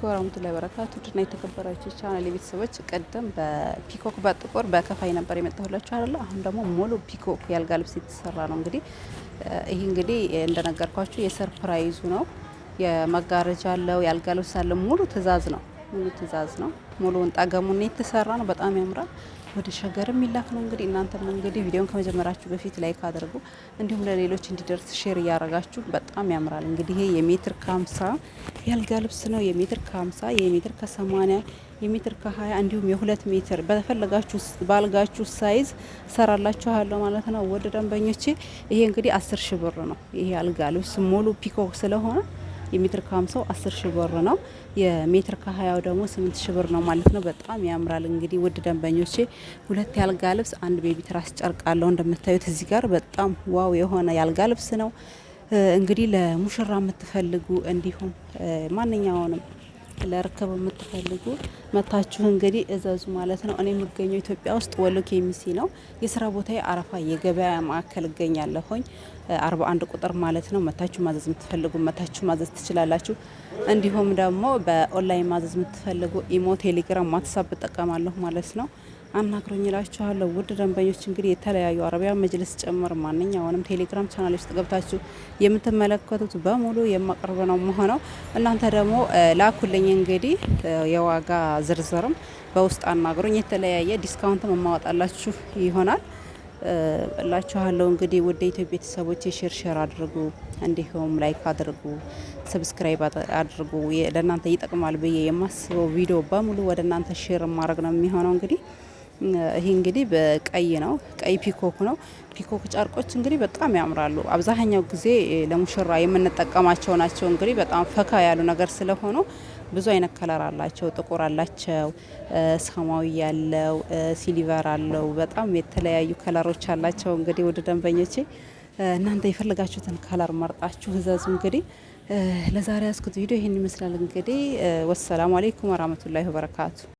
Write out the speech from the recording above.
አለይኩም ወራህመቱላሂ ወበረካቱ ድና የተከበራችሁ ቻናል የቤተሰቦች ቀደም በፒኮክ በጥቁር በከፋይ ነበር የመጣሁላችሁ አይደለ? አሁን ደግሞ ሙሉ ፒኮክ ያልጋ ልብስ የተሰራ ነው። እንግዲህ ይህ እንግዲህ እንደነገርኳችሁ የሰርፕራይዙ ነው። የመጋረጃ አለው፣ ያልጋ ልብስ አለ። ሙሉ ትእዛዝ ነው። ሙሉ ትእዛዝ ነው። ወንጣ ገሙን የተሰራ ነው። በጣም ያምራል። ወደ ሸገር የሚላክ ነው። እንግዲህ እናንተም እንግዲህ ቪዲዮን ከመጀመራችሁ በፊት ላይክ አድርጉ፣ እንዲሁም ለሌሎች እንዲደርስ ሼር እያረጋችሁ በጣም ያምራል። እንግዲህ ይሄ የሜትር ከሀምሳ የአልጋ ልብስ ነው። የሜትር ከ50 የሜትር ከ80 የሜትር ከ20 እንዲሁም የሁለት ሜትር በተፈለጋችሁ ባልጋችሁ ሳይዝ ሰራላችኋለሁ ማለት ነው። ወደ ደንበኞቼ ይሄ እንግዲህ 10 ሺህ ብር ነው። ይሄ አልጋ ልብስ ሙሉ ፒኮክ ስለሆነ የሜትር ከ50 10 ሺህ ብር ነው። የሜትር ከ20 ደግሞ 8 ሺህ ብር ነው ማለት ነው። በጣም ያምራል። እንግዲህ ውድ ደንበኞቼ ሁለት ያልጋ ልብስ አንድ ቤቢ ትራስ ጨርቃለሁ። እንደምታዩት እዚህ ጋር በጣም ዋው የሆነ ያልጋ ልብስ ነው። እንግዲህ ለሙሽራ የምትፈልጉ እንዲሁም ማንኛውንም ለርክብ የምትፈልጉ መታችሁ እንግዲህ እዘዙ ማለት ነው። እኔ የምገኘው ኢትዮጵያ ውስጥ ወሎ ኬሚሲ ነው። የስራ ቦታ አረፋ የገበያ ማዕከል እገኛለሁኝ። አርባ አንድ ቁጥር ማለት ነው። መታችሁ ማዘዝ የምትፈልጉ መታችሁ ማዘዝ ትችላላችሁ። እንዲሁም ደግሞ በኦንላይን ማዘዝ የምትፈልጉ ኢሞ፣ ቴሌግራም፣ ዋትሳፕ እጠቀማለሁ ማለት ነው። አናግሮኝ እላችኋለሁ። ውድ ደንበኞች እንግዲህ የተለያዩ አረቢያ መጅልስ ጭምር ማንኛውንም ቴሌግራም ቻናል ውስጥ ገብታችሁ የምትመለከቱት በሙሉ የማቀርብ ነው መሆነው። እናንተ ደግሞ ላኩልኝ እንግዲህ የዋጋ ዝርዝርም በውስጥ አናግሮኝ የተለያየ ዲስካውንት የማወጣላችሁ ይሆናል እላችኋለሁ እንግዲህ ወደ ኢትዮጵያ ቤተሰቦች ሼር ሼር አድርጉ፣ እንዲሁም ላይክ አድርጉ፣ ሰብስክራይብ አድርጉ። ለእናንተ ይጠቅማል ብዬ የማስበው ቪዲዮ በሙሉ ወደ እናንተ ሼር ማድረግ ነው የሚሆነው እንግዲህ ይሄ እንግዲህ በቀይ ነው፣ ቀይ ፒኮክ ነው። ፒኮክ ጨርቆች እንግዲህ በጣም ያምራሉ። አብዛኛው ጊዜ ለሙሽራ የምንጠቀማቸው ናቸው። እንግዲህ በጣም ፈካ ያሉ ነገር ስለሆኑ ብዙ አይነት ከለር አላቸው። ጥቁር አላቸው፣ ሰማያዊ ያለው፣ ሲሊቨር አለው። በጣም የተለያዩ ከለሮች አላቸው። እንግዲህ ወደ ደንበኞቼ እናንተ የፈለጋችሁትን ከለር መርጣችሁ እዘዙ። እንግዲህ ለዛሬ ያስኩት ቪዲዮ ይህን ይመስላል። እንግዲህ ወሰላሙ አሌይኩም ወራህመቱላሂ ወበረካቱ